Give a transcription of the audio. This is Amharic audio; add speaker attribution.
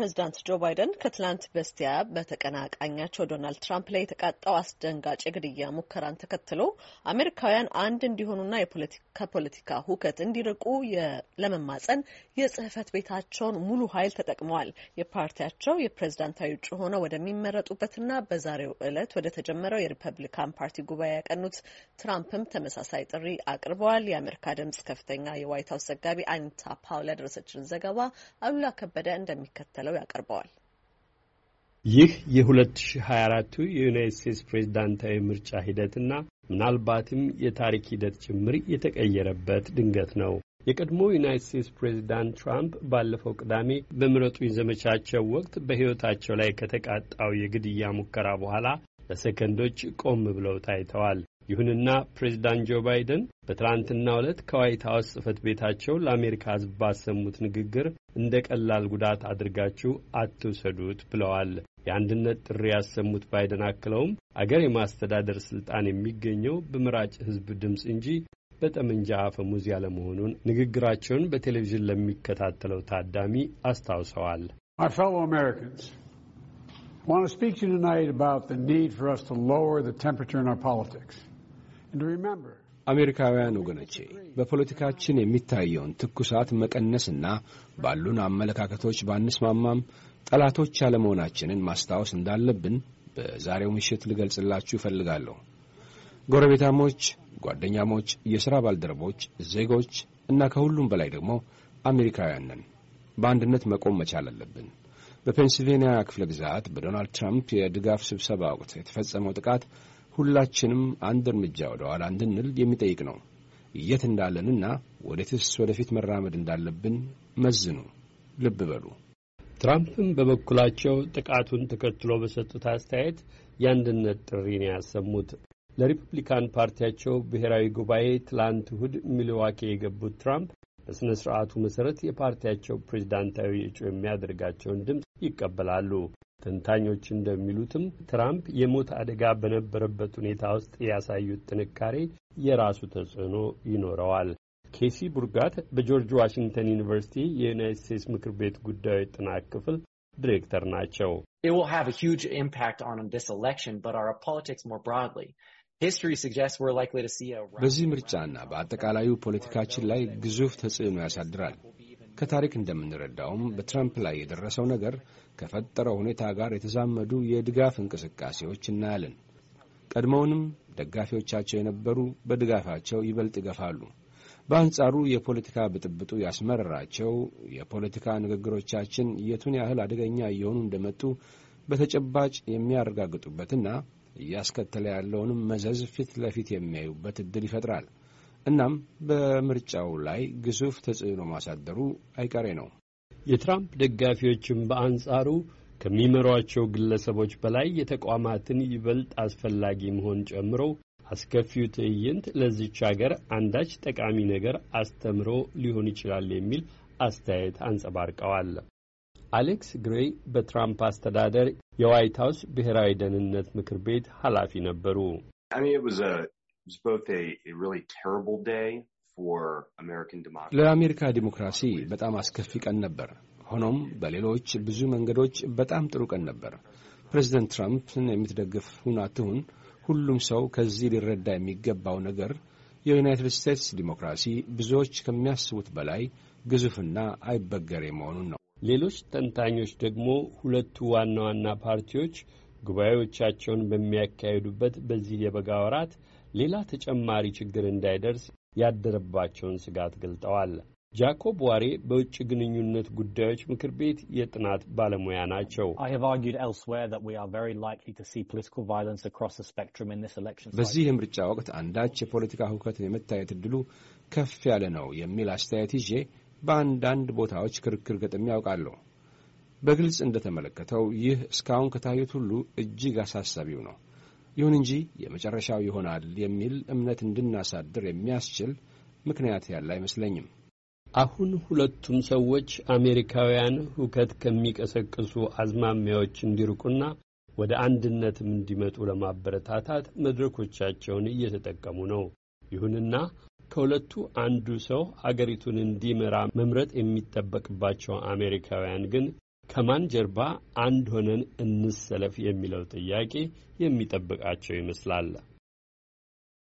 Speaker 1: ፕሬዚዳንት ጆ ባይደን ከትላንት በስቲያ በተቀናቃኛቸው ዶናልድ ትራምፕ ላይ የተቃጣው አስደንጋጭ የግድያ ሙከራን ተከትሎ አሜሪካውያን አንድ እንዲሆኑና ከፖለቲካ ሁከት እንዲርቁ ለመማጸን የጽህፈት ቤታቸውን ሙሉ ኃይል ተጠቅመዋል። የፓርቲያቸው የፕሬዝዳንታዊ እጩ ሆነው ወደሚመረጡበትና በዛሬው ዕለት ወደ ተጀመረው የሪፐብሊካን ፓርቲ ጉባኤ ያቀኑት ትራምፕም ተመሳሳይ ጥሪ አቅርበዋል። የአሜሪካ ድምጽ ከፍተኛ የዋይት ሀውስ ዘጋቢ አኒታ ፓውላ ደረሰችን ዘገባ አሉላ ከበደ እንደሚከተል እንዳለው
Speaker 2: ያቀርበዋል። ይህ የ2024 የዩናይት ስቴትስ ፕሬዝዳንታዊ ምርጫ ሂደትና ምናልባትም የታሪክ ሂደት ጭምር የተቀየረበት ድንገት ነው። የቀድሞ ዩናይት ስቴትስ ፕሬዝዳንት ትራምፕ ባለፈው ቅዳሜ በምረጡኝ ዘመቻቸው ወቅት በሕይወታቸው ላይ ከተቃጣው የግድያ ሙከራ በኋላ ለሰከንዶች ቆም ብለው ታይተዋል። ይሁንና ፕሬዚዳንት ጆ ባይደን በትናንትናው ዕለት ከዋይት ሀውስ ጽሕፈት ቤታቸው ለአሜሪካ ሕዝብ ባሰሙት ንግግር እንደ ቀላል ጉዳት አድርጋችሁ አትውሰዱት ብለዋል። የአንድነት ጥሪ ያሰሙት ባይደን አክለውም አገር የማስተዳደር ስልጣን የሚገኘው በምራጭ ሕዝብ ድምፅ እንጂ በጠመንጃ አፈሙዝ ያለመሆኑን ንግግራቸውን በቴሌቪዥን ለሚከታተለው ታዳሚ አስታውሰዋል።
Speaker 1: I want to speak to you tonight about the need for us to lower the temperature in our politics. አሜሪካውያን ወገኖቼ በፖለቲካችን የሚታየውን ትኩሳት መቀነስና ባሉን አመለካከቶች ባንስማማም ጠላቶች ያለመሆናችንን ማስታወስ እንዳለብን በዛሬው ምሽት ልገልጽላችሁ እፈልጋለሁ። ጎረቤታሞች፣ ጓደኛሞች፣ የሥራ ባልደረቦች፣ ዜጎች እና ከሁሉም በላይ ደግሞ አሜሪካውያን ነን። በአንድነት መቆም መቻል አለብን። በፔንስልቬንያ ክፍለ ግዛት በዶናልድ ትራምፕ የድጋፍ ስብሰባ ወቅት የተፈጸመው ጥቃት ሁላችንም አንድ እርምጃ ወደ ኋላ እንድንል የሚጠይቅ ነው። የት እንዳለንና
Speaker 2: ወደ ወደፊት መራመድ እንዳለብን መዝኑ፣ ልብ በሉ። ትራምፕም በበኩላቸው ጥቃቱን ተከትሎ በሰጡት አስተያየት የአንድነት ጥሪ ነው ያሰሙት። ለሪፐብሊካን ፓርቲያቸው ብሔራዊ ጉባኤ ትላንት እሁድ ሚልዋኪ የገቡት ትራምፕ በሥነ ሥርዓቱ መሠረት የፓርቲያቸው ፕሬዝዳንታዊ እጩ የሚያደርጋቸውን ድምፅ ይቀበላሉ። ተንታኞች እንደሚሉትም ትራምፕ የሞት አደጋ በነበረበት ሁኔታ ውስጥ ያሳዩት ጥንካሬ የራሱ ተጽዕኖ ይኖረዋል። ኬሲ ቡርጋት በጆርጅ ዋሽንግተን ዩኒቨርሲቲ የዩናይት ስቴትስ ምክር ቤት ጉዳዮች ጥናት ክፍል ዲሬክተር ናቸው።
Speaker 1: በዚህ ምርጫና በአጠቃላዩ ፖለቲካችን ላይ ግዙፍ ተጽዕኖ ያሳድራል። ከታሪክ እንደምንረዳውም በትራምፕ ላይ የደረሰው ነገር ከፈጠረው ሁኔታ ጋር የተዛመዱ የድጋፍ እንቅስቃሴዎች እናያለን። ቀድሞውንም ደጋፊዎቻቸው የነበሩ በድጋፋቸው ይበልጥ ይገፋሉ። በአንጻሩ የፖለቲካ ብጥብጡ ያስመረራቸው የፖለቲካ ንግግሮቻችን የቱን ያህል አደገኛ እየሆኑ እንደመጡ በተጨባጭ የሚያረጋግጡበትና እያስከተለ ያለውንም መዘዝ ፊት ለፊት የሚያዩበት እድል ይፈጥራል። እናም በምርጫው
Speaker 2: ላይ ግዙፍ ተጽዕኖ ማሳደሩ አይቀሬ ነው። የትራምፕ ደጋፊዎችም በአንጻሩ ከሚመሯቸው ግለሰቦች በላይ የተቋማትን ይበልጥ አስፈላጊ መሆን ጨምሮ አስከፊው ትዕይንት ለዚች አገር አንዳች ጠቃሚ ነገር አስተምሮ ሊሆን ይችላል የሚል አስተያየት አንጸባርቀዋል። አሌክስ ግሬይ በትራምፕ አስተዳደር የዋይት ሀውስ ብሔራዊ ደህንነት ምክር ቤት ኃላፊ ነበሩ።
Speaker 1: I mean, it was a was both a, a really terrible day for American democracy. ለአሜሪካ ዲሞክራሲ በጣም አስከፊ ቀን ነበር። ሆኖም በሌሎች ብዙ መንገዶች በጣም ጥሩ ቀን ነበር። ፕሬዚደንት ትራምፕን የምትደግፍ ሁን ሁሉም ሰው ከዚህ ሊረዳ የሚገባው ነገር የዩናይትድ ስቴትስ ዲሞክራሲ ብዙዎች
Speaker 2: ከሚያስቡት በላይ ግዙፍና አይበገሬ መሆኑን ነው። ሌሎች ተንታኞች ደግሞ ሁለቱ ዋና ዋና ፓርቲዎች ጉባኤዎቻቸውን በሚያካሂዱበት በዚህ የበጋ ወራት ሌላ ተጨማሪ ችግር እንዳይደርስ ያደረባቸውን ስጋት ገልጠዋል። ጃኮብ ዋሬ በውጭ ግንኙነት ጉዳዮች ምክር ቤት የጥናት ባለሙያ ናቸው። በዚህ
Speaker 1: የምርጫ ወቅት አንዳች የፖለቲካ ሁከትን የመታየት ዕድሉ ከፍ ያለ ነው የሚል አስተያየት ይዤ በአንዳንድ ቦታዎች ክርክር ገጥሜ ያውቃለሁ። በግልጽ እንደተመለከተው ይህ እስካሁን ከታዩት ሁሉ እጅግ አሳሳቢው ነው። ይሁን እንጂ የመጨረሻው ይሆናል የሚል እምነት እንድናሳድር የሚያስችል ምክንያት ያለ
Speaker 2: አይመስለኝም። አሁን ሁለቱም ሰዎች አሜሪካውያን ሁከት ከሚቀሰቅሱ አዝማሚያዎች እንዲርቁና ወደ አንድነትም እንዲመጡ ለማበረታታት መድረኮቻቸውን እየተጠቀሙ ነው። ይሁንና ከሁለቱ አንዱ ሰው አገሪቱን እንዲመራ መምረጥ የሚጠበቅባቸው አሜሪካውያን ግን ከማን ጀርባ አንድ ሆነን እንሰለፍ የሚለው ጥያቄ የሚጠብቃቸው ይመስላል።